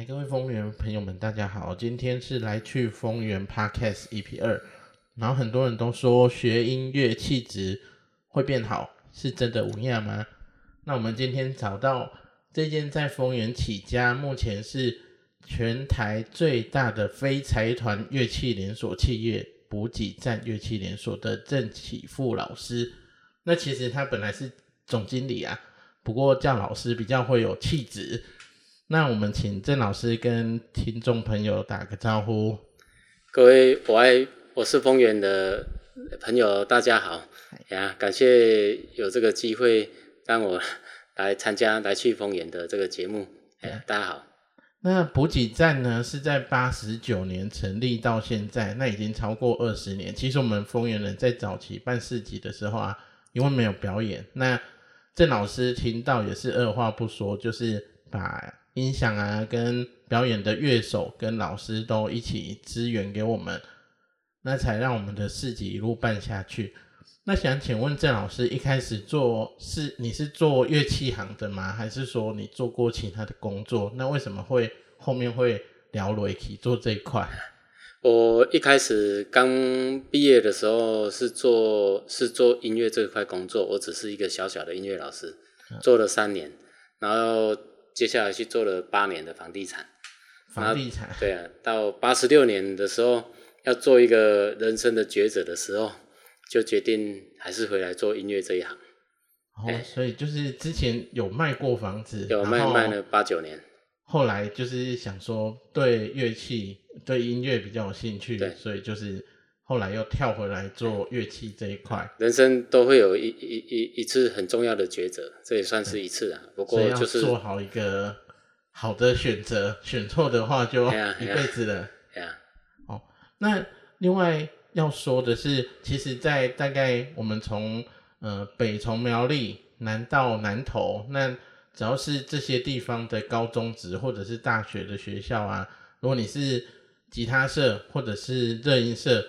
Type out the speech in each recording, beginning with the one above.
哎、各位豐原朋友們，大家好，今天是來去豐原 Podcast EP 二，然後很多人都說學音樂氣質會變好，是真的無恙嗎？那我們今天找到這間在豐原起家，目前是全台最大的非財團樂器連鎖企業補給站樂器連鎖的鄭啟富老師。那其實他本來是總經理啊，不過叫老師比較會有氣質。那我們請鄭老師跟聽眾朋友打個招呼。各位我愛，我是豐原的朋友，大家好。哎呀，感謝有這個機會讓我來參加來去豐原的這個節目。哎呀，大家好。那補給站呢是在八十九年成立到現在，那已經超過二十年。其實我們豐原人在早期辦市集的時候啊，因為沒有表演，那鄭老師聽到也是二話不說，就是把。音響啊，跟表演的樂手跟老師都一起支援給我們，那才讓我們的市集一路辦下去。那想請問鄭老師，一開始做是你是做樂器行的嗎？還是說你做過其他的工作？那為什麼會後面會聊樂器做這一塊？我一開始剛畢業的時候是做是做音樂這一塊工作，我只是一個小小的音樂老師，做了三年，然後。接下來去做了八年的房地產，房地產。對啊，到八十六年的時候要做一個人生的抉擇的時候，就決定還是回來做音樂這一行。哦、欸，所以就是之前有賣過房子，有賣賣了八九年，後，後來就是想說對樂器、對音樂比較有興趣，對，所以就是。後來又跳回來做樂器這一塊，人生都會有一一一一,一次很重要的抉擇，這也算是一次啊。不過就是所以做好一個好的選擇，選錯的話就一輩子了。對、哎哎、好、那另外要說的是，其實，在大概我們從呃北從苗栗南到南投，那只要是這些地方的高中職或者是大學的學校啊，如果你是吉他社或者是熱音社。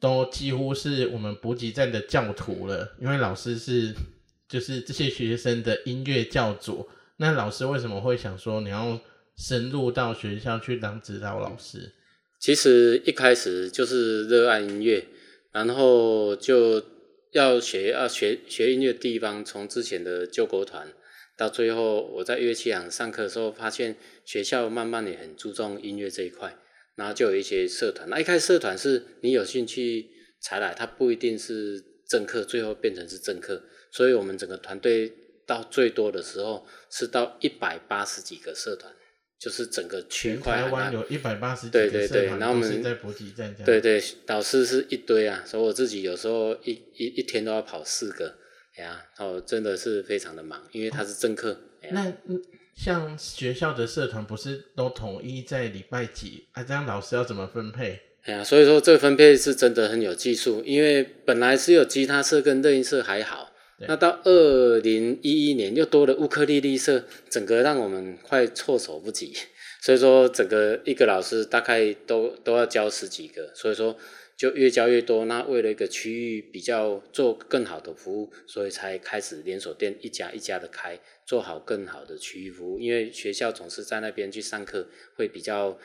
都幾乎是我們補給站的教徒了，因為老師是就是這些學生的音樂教主。那老師為什麼會想說你要深入到學校去當指導老師？其實一開始就是熱愛音樂，然後就要學啊學學音樂地方，從之前的救國團到最後我在樂器行上課的時候，發現學校慢慢也很注重音樂這一塊。然後就有一些社團，那一開始社團是你有興趣才來，它不一定是正課，最後變成是正課。所以，我們整個團隊到最多的時候是到一百八十幾個社團，就是整個群、啊、全台灣有一百八十幾個社團，都是在普及這樣。對對，對，導師是一堆啊，所以我自己有時候一一,一天都要跑四個，呀、啊，然後真的是非常的忙，因為他是正課。嗯像學校的社團不是都統一在禮拜幾啊？這樣老師要怎麼分配？哎呀，所以說這個分配是真的很有技術，因為本來是有吉他社跟熱音社還好，那到二零一一年又多了烏克麗麗社，整個讓我們快措手不及。所以說，整個一個老師大概都都要教十幾個，所以說。就越教越多，那為了一個區域比較做更好的服務，所以才開始連鎖店一家一家的開，做好更好的區域服務。因為學校總是在那邊去上課，會比較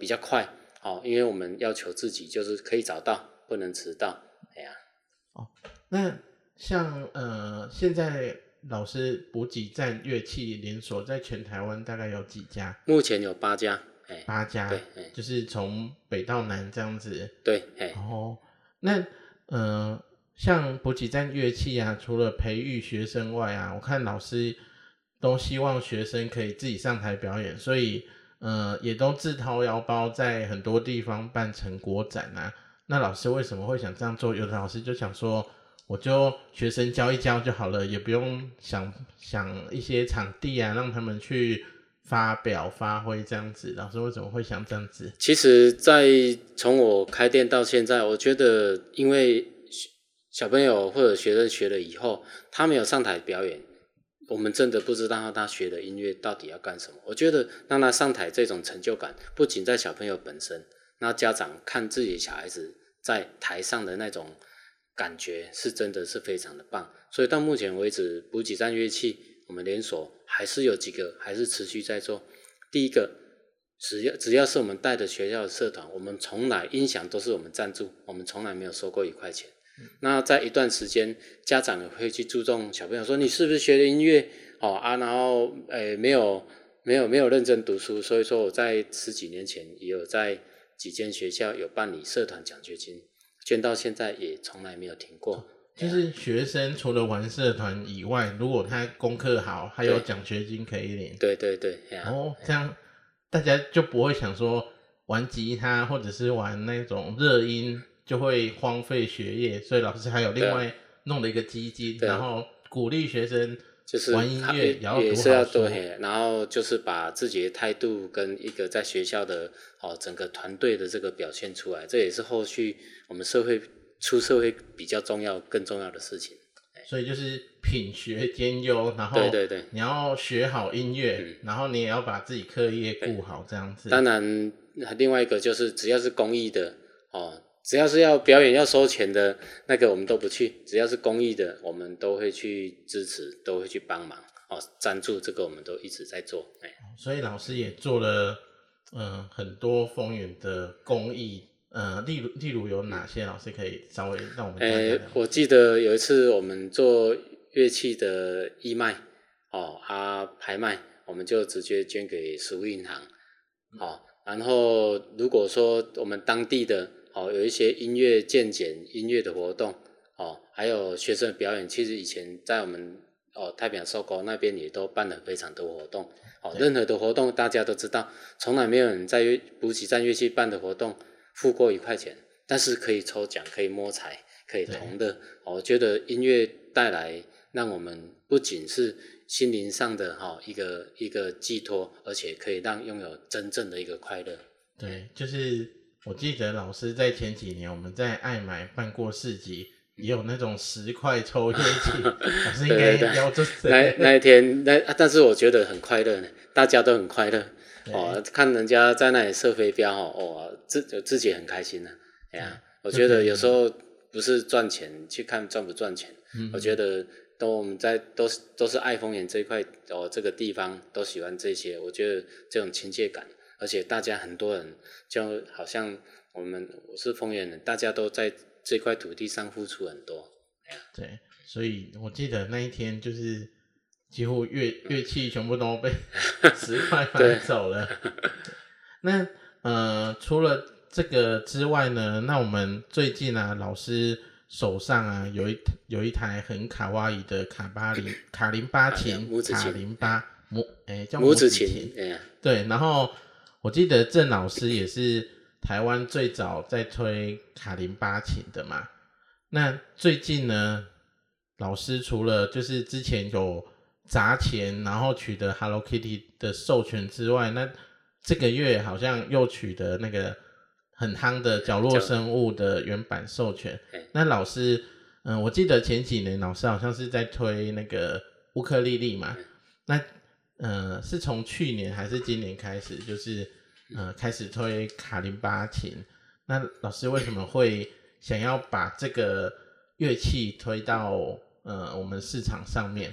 比較快哦。因為我們要求自己就是可以早到，不能遲到。哎呀，哦，那像呃，現在老師補給站樂器連鎖在全台灣大概有幾家？目前有八家。八家，就是從北到南這樣子。對，然後那呃，像補給站樂器啊，除了培育學生外啊，我看老師都希望學生可以自己上台表演，所以呃，也都自掏腰包在很多地方辦成果展啊。那老師為什麼會想這樣做？有的老師就想說，我就學生教一教就好了，也不用想想一些場地啊，讓他們去。發表、發揮這樣子，老師為什麼會想這樣子？其實，在從我開店到現在，我覺得，因為小朋友或者學生學了以後，他沒有上台表演，我們真的不知道他學的音樂到底要幹什麼。我覺得讓他上台，這種成就感，不僅在小朋友本身，那家長看自己小孩子在台上的那種感覺，是真的是非常的棒。所以到目前為止，補給站樂器。我們連鎖還是有幾個，還是持續在做。第一個，只要只要是我們帶的學校的社團，我們從來音響都是我們贊助，我們從來沒有收過一塊錢。嗯、那在一段時間，家長也會去注重小朋友說、嗯、你是不是學的音樂哦啊，然後誒、呃、沒有沒有沒有認真讀書，所以說我在十幾年前也有在幾間學校有辦理社團獎學金，捐到現在也從來沒有停過。嗯就是學生除了玩社團以外，如果他功課好，還有獎學金可以領。對對對，對。Yeah. 哦，這樣大家就不會想說玩吉他或者是玩那種熱音就會荒廢學業，所以老師還有另外弄了一個基金，然後鼓勵學生就是玩音樂，然後要讀好書也是要對，嘿，然後就是把自己的態度跟一個在學校的好整個團隊的這個表現出來，這也是後續我們社會。出社會比較重要，更重要的事情，所以就是品學兼優，然後對對對，你要學好音樂，嗯，然後你也要把自己課業顧好，這樣子。當然，另外一個就是只要是公益的哦，只要是要表演要收錢的那個，我們都不去；只要是公益的，我們都會去支持，都會去幫忙哦，贊助這個我們都一直在做。所以老師也做了嗯、呃、很多豐原的公益。呃，例如例如有哪些老師可以稍微讓我們聊聊？哎、欸，我記得有一次我們做樂器的義賣，哦啊拍賣，我們就直接捐給食物銀行，好、哦。然後如果說我們當地的，哦，有一些音樂鑑賞、音樂的活動，哦，還有學生的表演，其實以前在我們哦太平洋崇光那邊也都辦了非常多活動，哦，任何的活動大家都知道，從來沒有人在補給站樂器辦的活動付過一塊錢，但是可以抽獎，可以摸彩，可以同樂。我覺得音樂帶來讓我們不僅是心靈上的哈一個一個寄托，而且可以讓擁有真正的一個快樂。對，就是我記得老師在前幾年我們在愛買辦過市集，嗯，也有那種十塊抽樂器， 老師應該咬着嘴。那 那，對 一天，那、啊，但是我覺得很快樂，大家都很快樂。哦，看人家在那裡射飛鏢哈、哦，哦，自自己很開心的、啊，對呀。我覺得有時候不是賺錢，嗯、去看賺不賺錢、嗯。我覺得都我們在都是都是愛豐原這一塊哦，這個地方都喜歡這些。我覺得這種親切感，而且大家很多人就好像我們我是豐原人，大家都在這塊土地上付出很多。對呀。對，所以我記得那一天就是。幾乎樂樂器全部都被十塊買走了。 那呃，除了這個之外呢？那我們最近啊，老師手上啊，有一有一台很卡哇伊的卡巴林卡林巴琴， 卡林巴拇哎叫拇指琴、欸子琴，子琴對啊，對。然後我記得鄭老師也是台灣最早在推卡林巴琴的嘛。那最近呢，老師除了就是之前有。砸錢，然後取得 Hello Kitty 的授權之外，那這個月好像又取得那個很夯的角落生物的原版授權。那老師，嗯、呃，我記得前幾年老師好像是在推那個烏克麗麗嘛。那呃，是從去年還是今年開始，就是呃，開始推卡林巴琴。那老師為什麼會想要把這個樂器推到呃我們市場上面？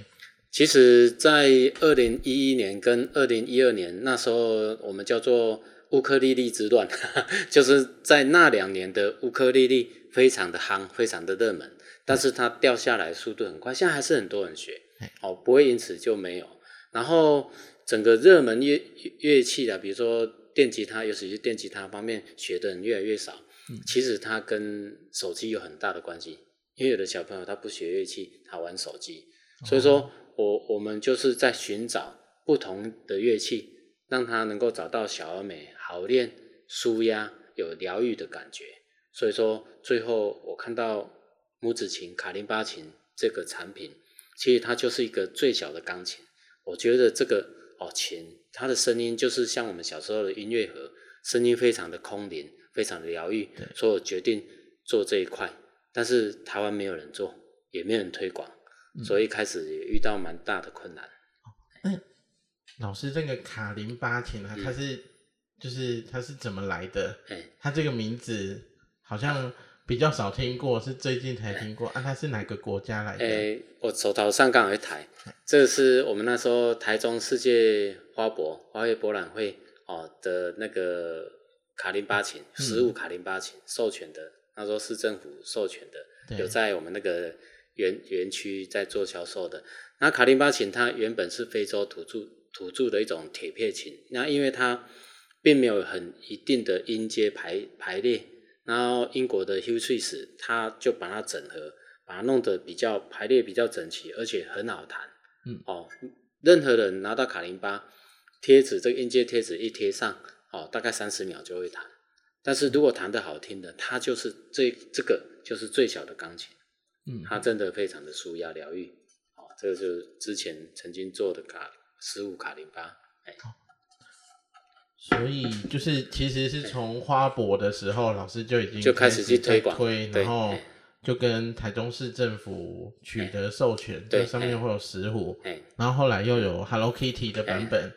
其實，在二零一一年跟二零一二年那時候，我們叫做烏克麗麗之亂，哈哈，就是在那兩年的烏克麗麗非常的夯，非常的熱門。但是它掉下來速度很快，現在還是很多人學，哦，不會因此就沒有。然後，整個熱門樂樂器啊，比如說電吉他，尤其是電吉他方面，學的人越來越少。嗯、其實它跟手機有很大的關係，因為有的小朋友他不學樂器，他玩手機，所以說。哦我我們就是在尋找不同的樂器，讓它能夠找到小而美，好練、舒壓、有療癒的感覺。所以說，最後我看到拇指琴、卡林巴琴這個產品，其實它就是一個最小的鋼琴。我覺得這個哦琴，它的聲音就是像我們小時候的音樂盒，聲音非常的空靈，非常的療癒。所以我決定做這一塊，但是台灣沒有人做，也沒有人推廣。所以開始也遇到蠻大的困難。那、嗯嗯、老師，這個卡林巴琴啊，它是、嗯、就是它是怎麼來的、嗯？它這個名字好像比較少聽過，嗯、是最近才聽過、嗯、啊？它是哪個國家來的？欸、我手頭上剛好一台、嗯，這是我們那時候台中世界花博、花卉博覽會哦的那個卡林巴琴，十、嗯、五卡林巴琴授權的、嗯，那時候市政府授權的，有在我們那個。園園區在做銷售的。那卡林巴琴它原本是非洲土著土著的一種鐵片琴，那因為它並沒有很一定的音階排排列，然後英國的 Hugh Tracey 他就把它整合，把它弄得比較排列比較整齊，而且很好彈。嗯，哦，任何人拿到卡林巴貼紙這個音階貼紙一貼上，哦，大概三十秒就會彈。但是如果彈得好聽的，它就是最，這個就是最小的鋼琴。嗯，他真的非常的舒壓療癒，這個就是之前曾經做的卡石虎卡林巴，哎，所以就是其實是從花博的時候，欸、老師就已經開就開始去推廣，推，然後就跟台中市政府取得授權，對、欸，上面會有石虎、欸，然後後來又有 Hello Kitty 的版本，欸、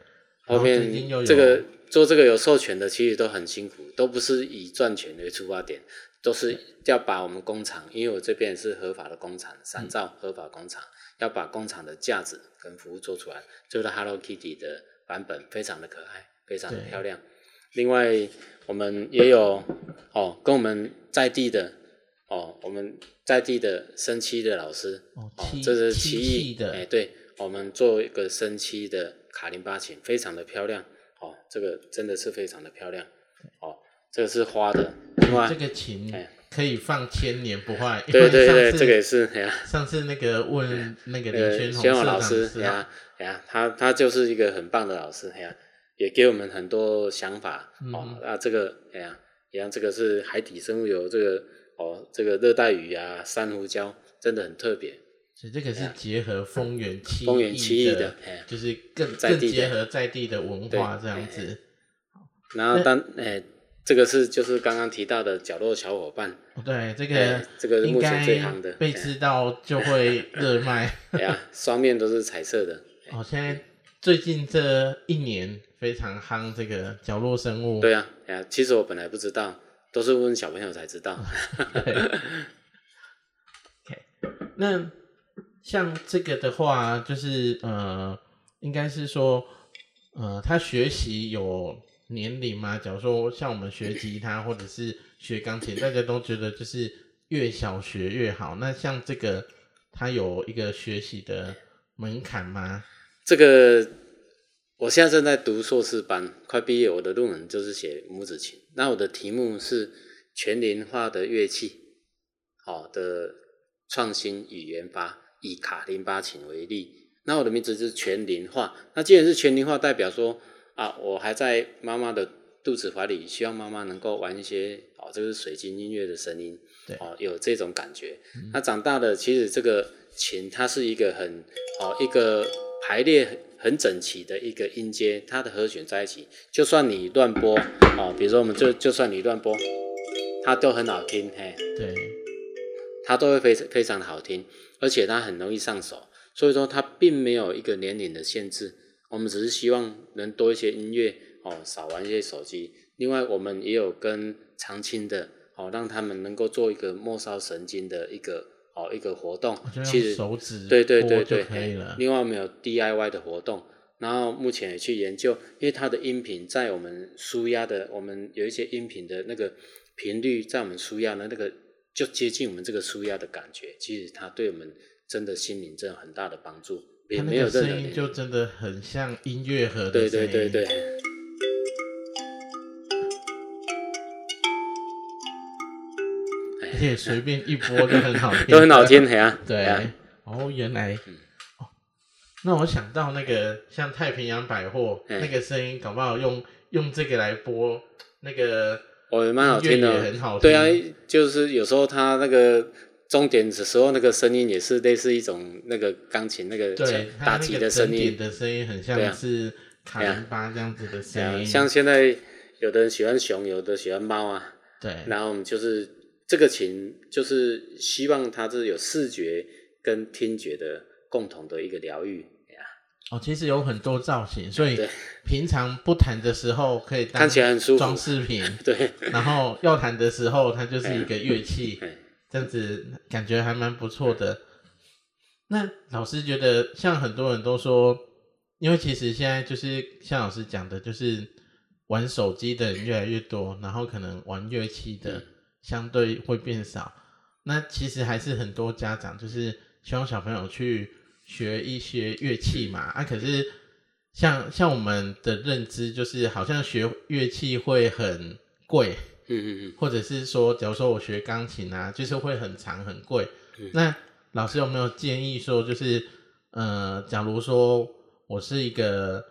然後面這個。做這個有授權的，其實都很辛苦，都不是以賺錢為出發點，都是要把我們工廠，因為我這邊也是合法的工廠，三造合法工廠，要把工廠的價值跟服務做出來。就是 Hello Kitty 的版本非常的可愛，非常的漂亮。另外我們也有哦，跟我們在地的哦，我們在地的生漆的老師哦，哦，這是漆藝的哎、欸，對我們做一個生漆的卡林巴琴，非常的漂亮。哦，這個真的是非常的漂亮。哦，這個是花的，另外、嗯，這個琴可以放千年不壞。對對對，對，這個也是呀、啊，上次那個問那個那個，學、嗯、紅、嗯嗯、老師呀呀、啊啊啊，他他就是一個很棒的老師呀、啊，也給我們很多想法。嗯、哦，那這個呀，你看、啊、這個是海底生物油，這個哦，這個熱帶魚啊、珊瑚礁真的很特別。所以這個是結合豐原七億的，的，就是更，在更結合在地的文化這樣子。然後當誒、欸欸欸，這個是就是剛剛提到的角落小夥伴。對，這個這個目前最夯的，被知道就會熱賣，賣。對啊，雙面都是彩色的。 哦，現在最近這一年非常夯這個角落生物。對啊，對呀。其實我本來不知道，都是問小朋友才知道。Okay, 那。像這個的話，就是呃，應該是說呃，他學習有年齡嗎？假如說像我們學吉他或者是學鋼琴，大家都覺得就是越小學越好。那像這個，他有一個學習的門檻嗎？這個，我現在正在讀碩士班，快畢業，我的論文就是寫拇指琴。那我的題目是全齡化的樂器，好、哦、的創新與研發。以卡林巴琴為例，那我的名字是全齡化。那既然是全齡化，代表說啊，我還在媽媽的肚子懷裡，希望媽媽能夠玩一些哦，這個，就是水晶音樂的聲音，對，哦，有這種感覺。嗯、那長大的，其實這個琴它是一個很哦，一個排列很整齊的一個音階，它的和弦在一起，就算你亂撥啊、哦，比如說我們就就算你亂撥，它都很好聽，嘿，對，它都會非常非常的好聽。而且它很容易上手，所以說它並沒有一個年齡的限制。我們只是希望能多一些音樂哦，少玩一些手機。另外，我們也有跟長青的哦，讓他們能夠做一個末梢神經的一個哦一個活動，其實手指對對對對可以了，另外我們有 DIY 的活動。然後目前也去研究，因為它的音頻在我們舒壓的，我們有一些音頻的那個頻率在我們舒壓的那個。就接近我們這個舒壓的感覺，其實它對我們真的心靈真的很大的幫助。它那個聲音就真的很像音樂盒的聲音。對對對對。而且隨便一播都很好聽， 都很好聽，對啊。對。對啊、哦，原來、嗯哦。那我想到那個像太平洋百貨那個聲音，搞不好用用這個來播那個。我、oh, 也蠻好,好聽的，對啊，就是有時候他那個終點的時候，那個聲音也是類似一種那個鋼琴那個打擊的聲音，對,終點的聲音很像是卡林巴這樣子的聲音、啊啊。像現在有的人喜歡熊，有的喜歡貓啊，對，然後我們就是這個琴，就是希望它是有視覺跟聽覺的共同的一個療癒。哦，其實有很多造型，所以平常不彈的時候可以當裝飾品，對。然後要彈的時候，它就是一個樂器，這樣子感覺還蠻不錯的。那老師覺得，像很多人都說，因為其實現在就是像老師講的，就是玩手機的人越來越多，然後可能玩樂器的相對會變少。那其實還是很多家長就是希望小朋友去。學一些樂器嘛？啊，可是像像我們的認知，就是好像學樂器會很貴，嗯嗯嗯，或者是說，假如說我學鋼琴啊，就是會很長很貴。那老師有沒有建議說，就是呃，假如說我是一個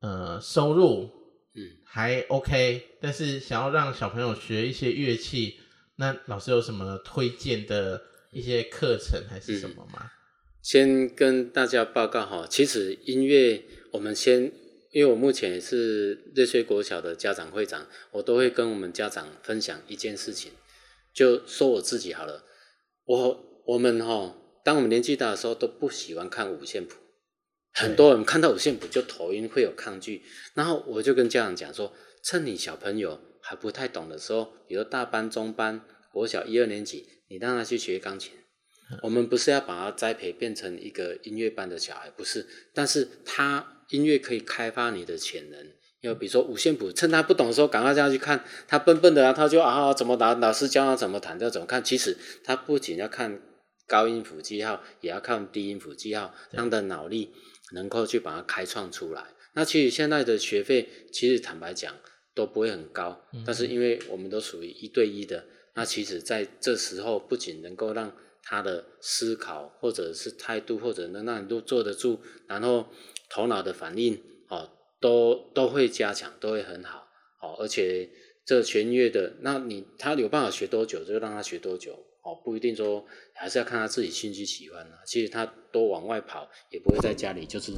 呃收入嗯還 OK，但是想要讓小朋友學一些樂器，那老師有什麼推薦的一些課程還是什麼嗎？先跟大家報告哈，其實音樂我們先，因為我目前也是瑞穗國小的家長會長，我都會跟我們家長分享一件事情，就說我自己好了，我我們哈，當我們年紀大的時候都不喜歡看五線譜，很多人看到五線譜就頭暈，會有抗拒。然後我就跟家長講說，趁你小朋友還不太懂的時候，比如大班、中班、國小一二年級，你讓他去學鋼琴。 我們不是要把他栽培變成一個音樂班的小孩，不是。但是他音樂可以開發你的潛能，因為比如說五線譜，趁他不懂的時候，趕快這樣去看，他笨笨的啊，他就啊,啊,啊怎麼打，老師教他怎麼彈，就怎麼看。其實他不僅要看高音譜記號，也要看低音譜記號，讓他的腦力能夠去把它開創出來。那其實現在的學費其實坦白講都不會很高，但是因為我們都屬於一對一的，那其實在這時候不僅能夠讓他的思考，或者是態度，或者能讓人都坐得住，然後頭腦的反應哦，都都會加強，都會很好哦。而且這弦樂的，那你他有辦法學多久，就讓他學多久哦，不一定說還是要看他自己興趣喜歡。其實他多往外跑，也不會在家裡，就是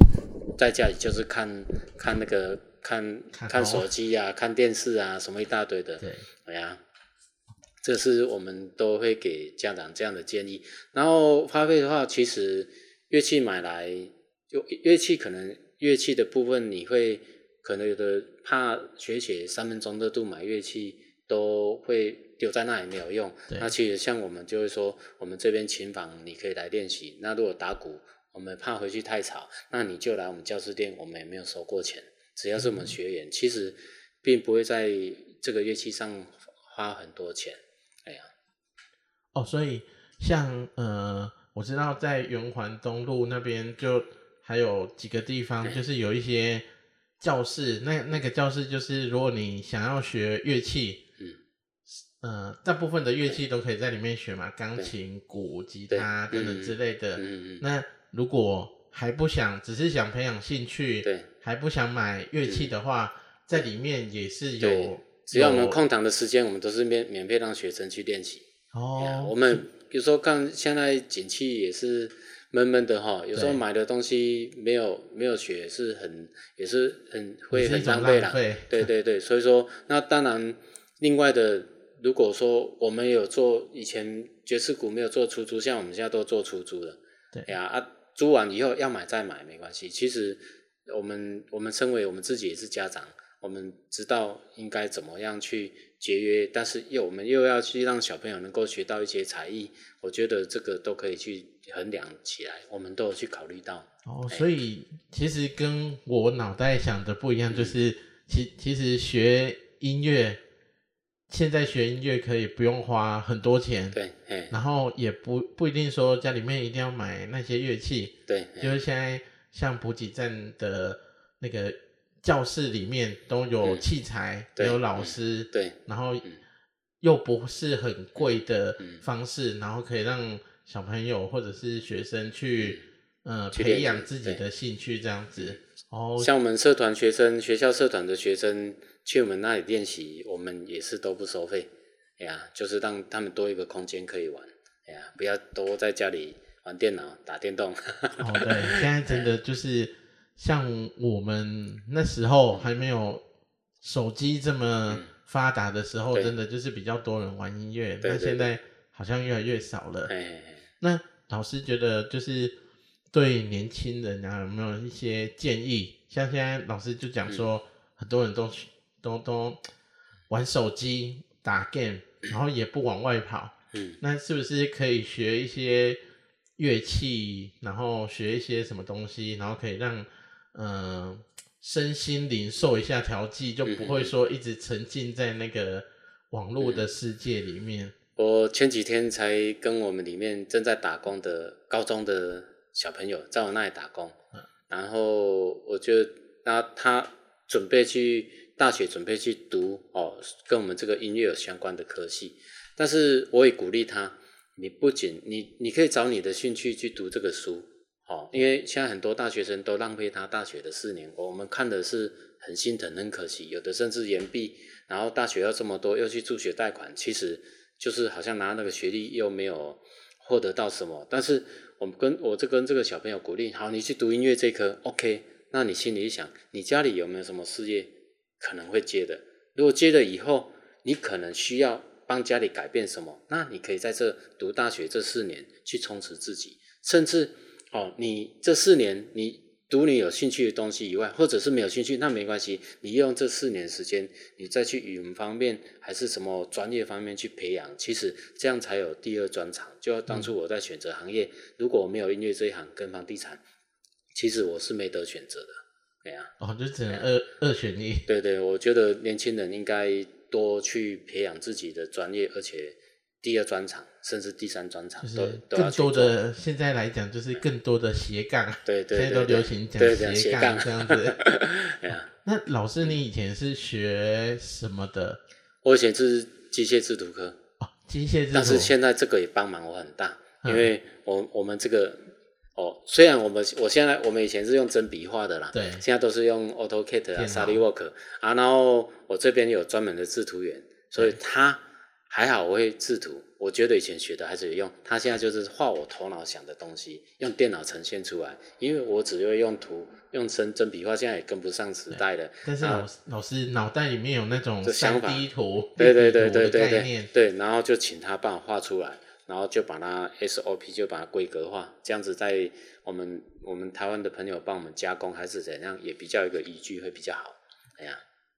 在家裡就是看看那個看看手機呀、看電視啊什麼一大堆的，對，對呀。這是我們都會給家長這樣的建議。然後花費的話，其實樂器買來，就樂器可能樂器的部分，你會可能有的怕學姐三分鐘熱度買樂器都會丟在那裡沒有用。那其實像我們就會說，我們這邊琴房你可以來練習。那如果打鼓，我們怕回去太吵，那你就來我們教室練，我們也沒有收過錢。只要是我們學員，嗯、其實並不會在這個樂器上花很多錢。哦，所以像呃，我知道在圓環東路那邊就還有幾個地方，就是有一些教室。那那個教室就是，如果你想要學樂器，嗯，呃，大部分的樂器都可以在裡面學嘛，鋼琴、鼓、吉他等等之類的。嗯嗯。那如果還不想，只是想培養興趣，對，還不想買樂器的話，嗯，在裡面也是有。只要我們空檔的時間，我們都是免免費讓學生去練習。哦、yeah, oh，我們有時候看現在景氣也是悶悶的哈，有時候買的東西沒有沒有學是很也是很會很浪費啦，對對對，所以說那當然另外的 如果說我們有做以前爵士鼓沒有做出租，像我們現在都做出租的，對呀、yeah, 啊，租完以後要買再買沒關係。其實我們我們身為我們自己也是家長，我們知道應該怎麼樣去。節約，但是又我們又要去讓小朋友能夠學到一些才藝，我覺得這個都可以去衡量起來，我們都有去考慮到。哦，所以其實跟我腦袋想的不一樣，就是、嗯、其其實學音樂，現在學音樂可以不用花很多錢，對，然後也不不一定說家裡面一定要買那些樂器，對，就是現在像補給站的那個。教室裡面都有器材，嗯、有老師，對、嗯，對，然後又不是很貴的方式、嗯嗯嗯，然後可以讓小朋友或者是學生去，嗯、呃，培養自己的興趣，這樣子。然後像我們社團學生，學校社團的學生去我們那裡練習，我們也是都不收費。哎呀，就是讓他們多一個空間可以玩。哎呀，不要多在家裡玩電腦、打電動。 哦，對，現在真的就是。嗯像我們那時候還沒有手機這麼發達的時候，真的就是比較多人玩音樂，那、嗯、現在好像越來越少了。嘿嘿嘿。那老師覺得就是對年輕人啊，有沒有一些建議？像現在老師就講說，很多人都、嗯、都都玩手機打 game，然後也不往外跑、嗯。那是不是可以學一些樂器，然後學一些什麼東西，然後可以讓嗯，身心靈受一下調劑，就不會說一直沉浸在那個網絡的世界裡面。嗯。我前幾天才跟我們裡面正在打工的高中的小朋友，在我那裡打工，嗯，然後我就他他準備去大學，準備去讀哦，跟我們這個音樂有相關的科系。但是我也鼓勵他，你不僅你你可以找你的興趣去讀這個書。好、哦，因為現在很多大學生都浪費他大學的四年，我們看的是很心疼、很可惜，有的甚至延畢，然後大學要這麼多，要去助學貸款，其實就是好像拿那個學歷又沒有獲得到什麼。但是我跟我就跟這個小朋友鼓勵，好，你去讀音樂這一科，OK，那你心裡想，你家裡有沒有什麼事業可能會接的？如果接了以後，你可能需要幫家裡改變什麼，那你可以在這讀大學這四年去充實自己，甚至。哦，你這四年，你讀你有興趣的東西以外，或者是沒有興趣，那沒關係。你用這四年時間，你再去語文方面，還是什麼專業方面去培養，其實這樣才有第二專長。就要當初我在選擇行業、嗯，如果我沒有音樂這一行跟房地產，其實我是沒得選擇的，對呀、啊。哦，就只能二、啊、二選一。對對，我覺得年輕人應該多去培養自己的專業，而且。第二專長，甚至第三專長，就是更多的。現在來講，就是更多的斜槓。嗯、對，對，對對對，現在都流行講斜槓這樣子。對 嗯、那老師，你以前是學什麼的？我以前是機械製圖科。機、哦、械製圖。但是現在這個也幫忙我很大，嗯、因為我我們這個哦，雖然我們我現在我們以前是用針筆畫的啦，對，現在都是用 AutoCAD 啊、SolidWorks 啊，然後我這邊有專門的製圖員、嗯，所以他。還好我會製圖，我覺得以前學的還是有用。他現在就是畫我頭腦想的東西，用電腦呈現出來，因為我只會用圖，用真真筆畫，現在也跟不上時代的。但是老師腦、啊、袋裡面有那種想法，3D 圖、對對對對對對，然後就請他幫我畫出來，然後就把它 SOP，就把它規格化，這樣子在我們我們台灣的朋友幫我們加工還是怎樣，也比較一個依據會比較好，呀、啊，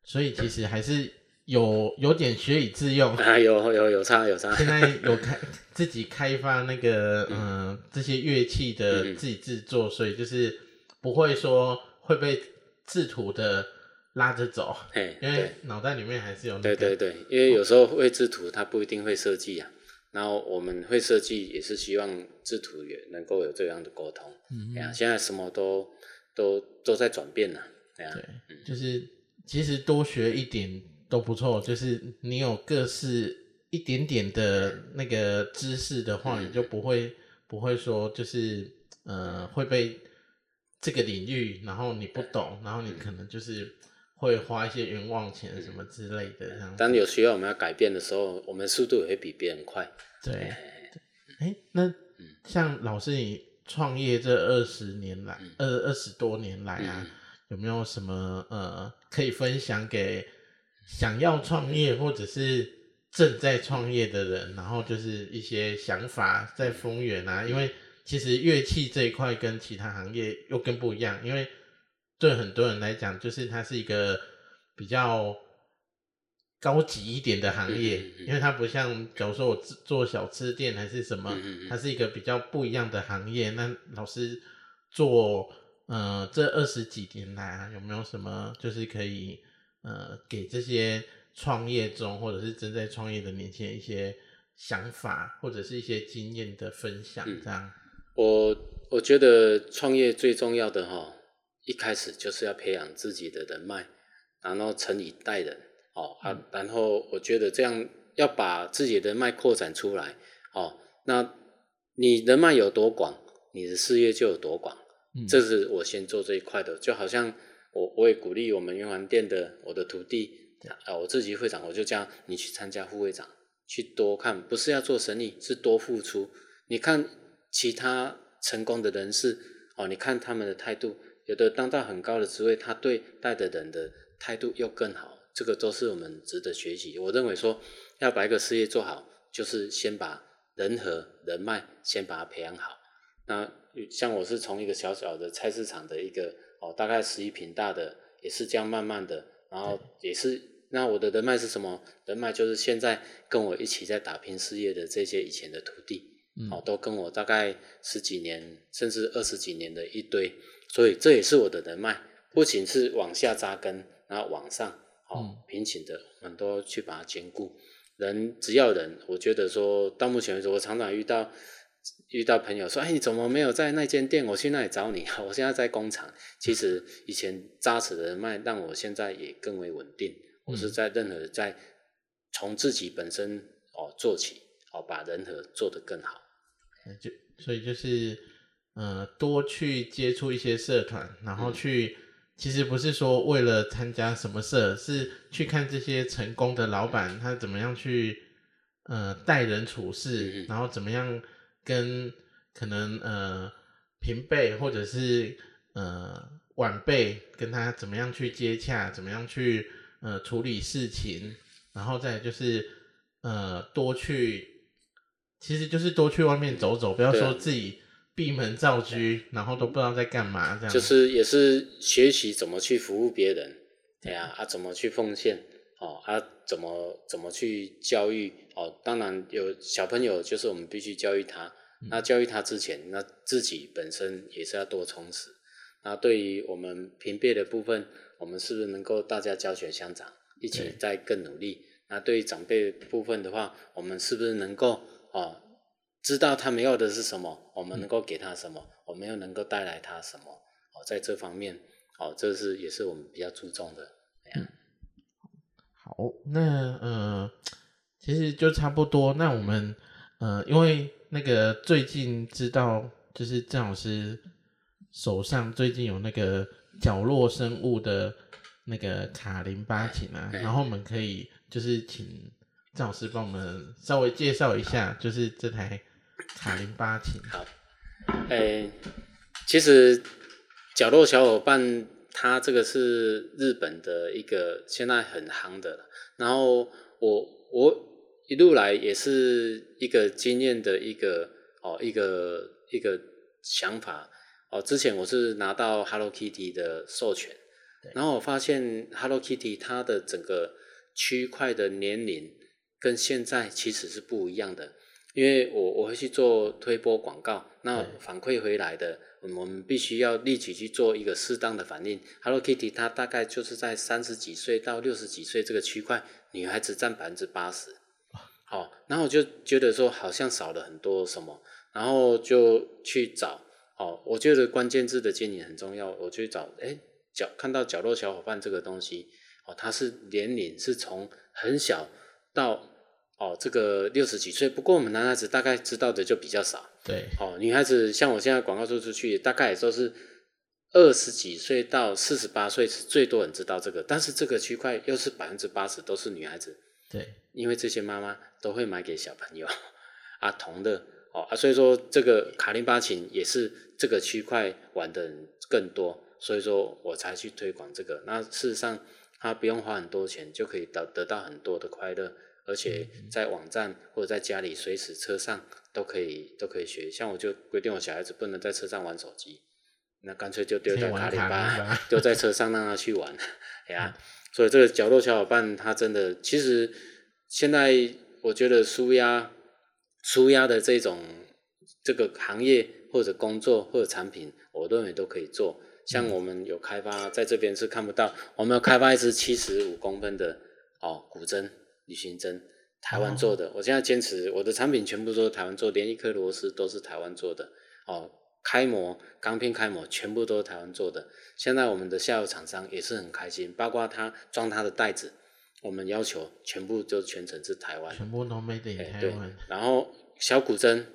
所以其實還是。有有點學以致用啊，有有有差有差。現在有開自己開發那個嗯這些樂器的自己製作，所以就是不會說會被製圖的拉着走，因為腦袋裡面還是有那個對對對，對，因為有時候會製圖，他不一定會設計啊。然後我們會設計，也是希望製圖也能夠有這樣的溝通。嗯、啊、現在什麼都都都，都在轉變吶、啊。對、啊，就是其實多學一點。都不錯，就是你有各式一點點的那個知識的話，嗯、你就不會不會說，就是呃會被這個領域，然後你不懂、嗯，然後你可能就是會花一些冤枉錢什麼之類的。當你有需要我們要改變的時候，我們速度也會比別人快。對，哎，那像老師你創業這二十年來，二二十多年來啊，有沒有什麼呃可以分享給？想要創業或者是正在創業的人，然後就是一些想法在豐原啊，因為其實樂器這一塊跟其他行業又更不一樣，因為對很多人來講，就是它是一個比較高級一點的行業，因為它不像，假如說我做小吃店還是什麼，它是一個比較不一樣的行業。那老師做呃這二十幾年來啊，有沒有什麼就是可以？呃，給這些創業中或者是正在創業的年輕人一些想法，或者是一些經驗的分享，嗯，這樣。我我覺得創業最重要的齁，一開始就是要培養自己的人脈，然後誠以待人，好，喔嗯、啊，然後我覺得這樣要把自己的人脈擴展出來，好，喔，那你人脈有多廣，你的事業就有多廣，嗯，這是我先做這一塊的，就好像。我我也鼓勵我們圓環店的我的徒弟，啊，我自己會長，我就叫你去參加副會長，去多看，不是要做生意，是多付出。你看其他成功的人士，哦，你看他們的態度，有的當到很高的職位，他對待的人的態度又更好，這個都是我們值得學習。我認為說，要把一個事業做好，就是先把人和人脈先把它培養好。那像我是從一個小小的菜市場的一個。哦，大概十一平大的，也是這樣慢慢的，然後也是那，我的人脈是什麼？人脈就是現在跟我一起在打拼事業的這些以前的徒弟，嗯，哦，都跟我大概十幾年甚至二十幾年的一堆，所以這也是我的人脈，不僅是往下扎根，然後往上，好聘請的很多去把它兼顧，人只要人，我覺得說到目前為止，我常常遇到，遇到朋友說：“哎，你怎麼沒有在那間店？我去那裡找你。我現在在工廠。其實以前紮實的人脈，讓我現在也更為穩定，嗯。我是在任何在從自己本身哦做起，哦把人和做得更好。就所以就是呃，多去接觸一些社團，然後去、嗯、其實不是說為了參加什麼社，是去看這些成功的老板他怎麼樣去呃待人處事，嗯嗯，然後怎麼樣。”跟可能呃平輩或者是呃晚輩跟他怎麼樣去接洽，怎麼樣去呃處理事情，然後再就是呃多去，其實就是多去外面走走，不要說自己閉門造車，然後都不知道在幹嘛這樣。就是也是學習怎麼去服務別人，對呀，啊，啊怎麼去奉獻。哦，他、啊、怎麼怎麼去教育哦？當然有小朋友，就是我們必須教育他、嗯。那教育他之前，那自己本身也是要多充實。那對於我們平輩的部分，我們是不是能夠大家教學相長，一起再更努力？對，那對於長輩的部分的話，我們是不是能夠哦，知道他們要的是什麼，我們能夠給他什麼，嗯、我們又能夠帶來他什麼？哦，在這方面，哦，這是也是我們比較注重的。好，那呃，其實就差不多。那我們、嗯、呃，因為那個最近知道，就是鄭老師手上最近有那個角落生物的那個卡林巴琴啊、嗯，然後我們可以就是請鄭老師幫我們稍微介紹一下，就是這台卡林巴琴。好，哎、欸，其實角落小夥伴。它這個是日本的一個現在很夯的。然後我我一路來也是一個經驗的一個哦一個一個想法哦。之前我是拿到 Hello Kitty 的授權，然後我發現 Hello Kitty 它的整個區塊的年齡跟現在其實是不一樣的，因為我我會去做推播廣告，那反饋回來的。嗯嗯、我們必須要立即去做一個適當的反應。Hello Kitty，它大概就是在三十幾歲到六十幾歲這個區塊，女孩子佔百分之八十。好，然後我就覺得說好像少了很多什麼，然後就去找。哦，我覺得關鍵字的經營很重要，我去找。哎、欸，角看到角落小夥伴這個東西，哦，它是年齡是從很小到。哦，這個六十幾歲，不過我們男孩子大概知道的就比較少。對，哦，女孩子像我現在廣告做出去，大概也就是二十幾歲到四十八歲是最多人知道這個。但是這個區塊又是百分之八十都是女孩子。對，因為這些媽媽都會買給小朋友，啊，同樂，哦，啊，所以說這個卡林巴琴也是這個區塊玩的人更多，所以說我才去推廣這個。那事實上，它不用花很多錢就可以得得到很多的快樂。而且在網站或者在家裡，隨時車上都可以，嗯、都可以學。像我就規定我小孩子不能在車上玩手機，那乾脆就丟在卡林巴，丟在車上讓他去玩。哎、嗯、呀、 嗯 嗯，所以這個角落小，小夥伴他真的，其實現在我覺得舒壓舒壓的這種這個行業或者工作或者產品，我認為都可以做。像我們有開發，嗯、在這邊是看不到，我們有開發一支七十五公分的哦古箏。旅行箏，台灣做的、哦。我現在堅持我的產品全部都是台灣做，連一顆螺絲都是台灣做的。哦，開模鋼片開模全部都是台灣做的。現在我們的下游廠商也是很開心，包括他裝他的袋子，我們要求全部就全程是台灣，全部都 made in Taiwan。對，然後小古箏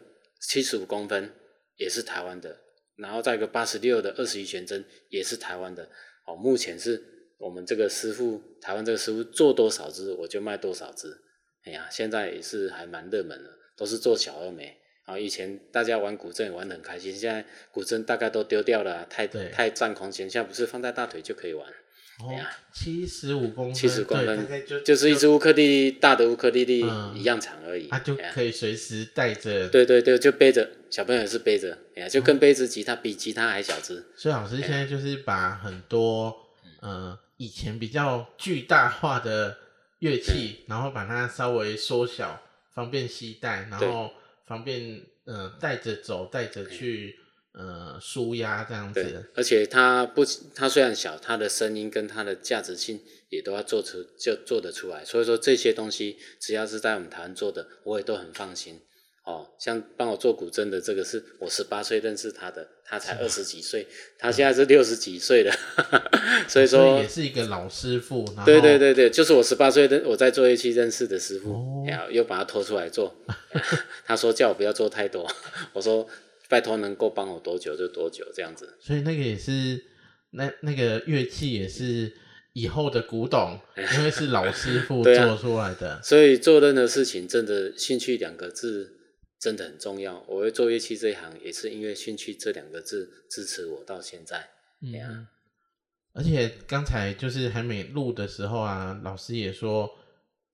七十五公分也是台灣的，然後再一個八十六的二十一弦箏也是台灣的。哦，目前是。我們這個師傅，台灣這個師傅做多少隻，我就賣多少隻。哎呀，現在也是還蠻熱門的，都是做小而美。然後以前大家玩古箏也玩得很開心，現在古箏大概都丟掉了，太太占空間。現在不是放在大腿就可以玩。哦、哎呀，七十五公分，七、嗯、十公分就，就是一隻烏克麗麗、嗯，大的烏克麗麗一樣長而已。他、啊、就可以隨時帶着。對對對，就背着，小朋友也是背着。哎、嗯、呀，就跟背着吉他比吉他還小隻。所以老師現在就是把很多，嗯。呃以前比較巨大化的樂器，然後把它稍微縮小，方便攜帶，然後方便呃帶着走、帶着去呃舒壓這樣子。而且它不，它雖然小，它的聲音跟它的價值性也都要做出就做得出來。所以說這些東西只要是在我們台灣做的，我也都很放心。哦，像幫我做古箏的這個是我十八歲認識他的，他才二十幾歲、哦，他現在是六十幾歲了、哦 所，所以說也是一個老師傅。對對對對，就是我十八歲的我在做樂器認識的師傅，然、哦、後又把他拖出來做， 他說叫我不要做太多，我說拜託能夠幫我多久就多久這樣子。所以那個也是那那個樂器也是以後的古董，因為是老師傅做出來的， 啊、所以做任何事情真的興趣兩個字。真的很重要。我會做樂器這一行，也是因為“興趣”這兩個字支持我到現在。嗯嗯、而且剛才就是還沒錄的時候啊，老師也說，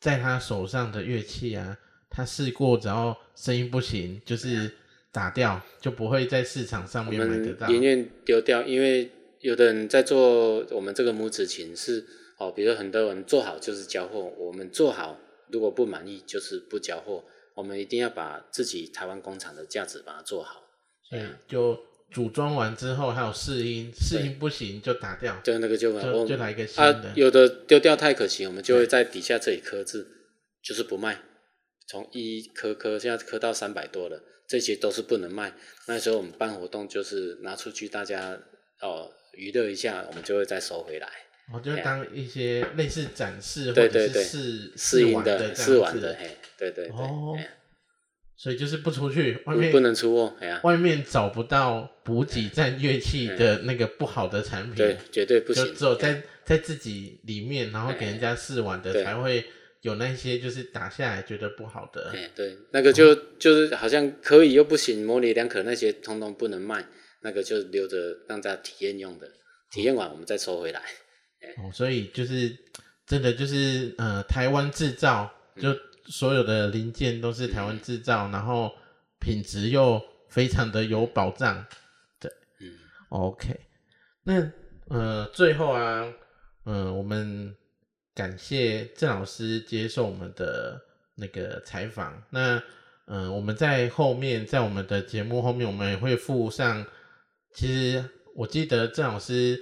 在他手上的樂器啊，他試過，只要聲音不行，就是打掉，嗯、就不會在市場上面買得到，寧願丟掉。因為有的人在做我們這個拇指琴是哦，比如很多人做好就是交貨，我們做好如果不滿意就是不交貨。我們一定要把自己台灣工廠的價值把它做好。所以對，就組裝完之後還有試音，試音不行就打掉，對，就那個就扔，就來一個新的。啊，有的丟掉太可惜，我們就會在底下這裡刻字，就是不賣。從一刻刻現在刻到三百多了，這些都是不能賣。那時候我們辦活動就是拿出去大家哦娛樂一下，我們就會再收回來。我、oh, 就當一些類似展示或者是試試玩的試玩的，對對對。哦，對對對對 oh, yeah. 所以就是不出去外面、嗯、不能出哦，哎呀，外面找不到補給站樂器的那個不好的產品，yeah. 對絕對不行，就只有在、yeah. 在自己裡面，然後給人家試玩的、yeah. 才會有那些就是打下來覺得不好的，yeah. 對,對，那個就、oh. 就是好像可以又不行模稜兩可那些通通不能賣，那個就留着讓大家體驗用的，嗯、體驗完我們再抽回來。哦，所以就是真的就是呃，台灣製造，就所有的零件都是台灣製造，然後品質又非常的有保障，對，嗯，OK，那呃，最後啊，嗯、呃，我們感謝鄭老師接受我們的那個採訪，那嗯、呃，我們在後面在我們的節目後面，我們也會附上，其實我記得鄭老師。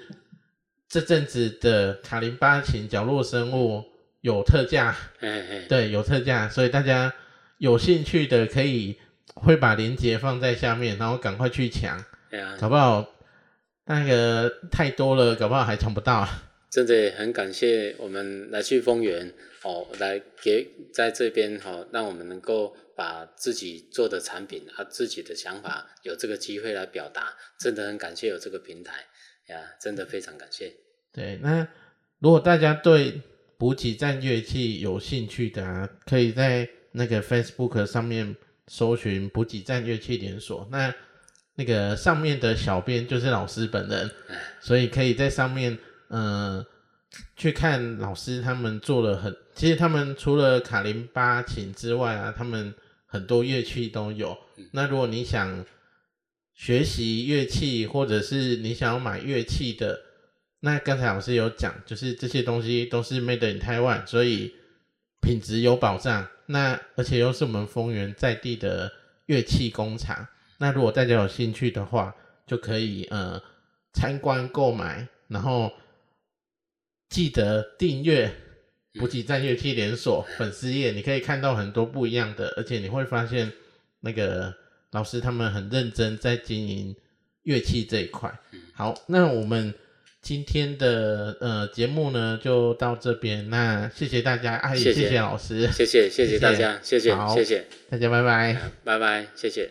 這陣子的卡林巴琴角落生物有特價，哎對，有特價，所以大家有興趣的可以會把鏈接放在下面，然後趕快去搶、啊，搞不好那個太多了，搞不好還搶不到、啊。真的很感謝我們來去豐原哦，來給在這邊哈、哦，讓我們能夠把自己做的產品和、啊、自己的想法有這個機會來表達，真的很感謝有這個平台。呀，真的非常感謝。對，那如果大家對補給站樂器有興趣的啊，可以在那個 Facebook 上面搜尋補給站樂器連鎖。那那個上面的小編就是老師本人，所以可以在上面嗯、呃、去看老師他們做了很。其實他們除了卡林巴琴之外啊，他們很多樂器都有。那如果你想。學習樂器，或者是你想要買樂器的，那剛才老師有講，就是這些東西都是 made in Taiwan，所以品質有保障。那而且又是我們豐原在地的樂器工廠，那如果大家有興趣的話，就可以呃參觀購買，然後記得訂閱補給站樂器連鎖粉絲頁，你可以看到很多不一樣的，而且你會發現那個。老師他們很認真在經營樂器這一塊。好，那我們今天的呃節目呢，就到這邊。那謝謝大家，啊、謝謝老師，謝謝謝謝大家，謝謝謝謝，謝謝，謝謝，好，謝謝大家，拜拜，拜拜，謝謝。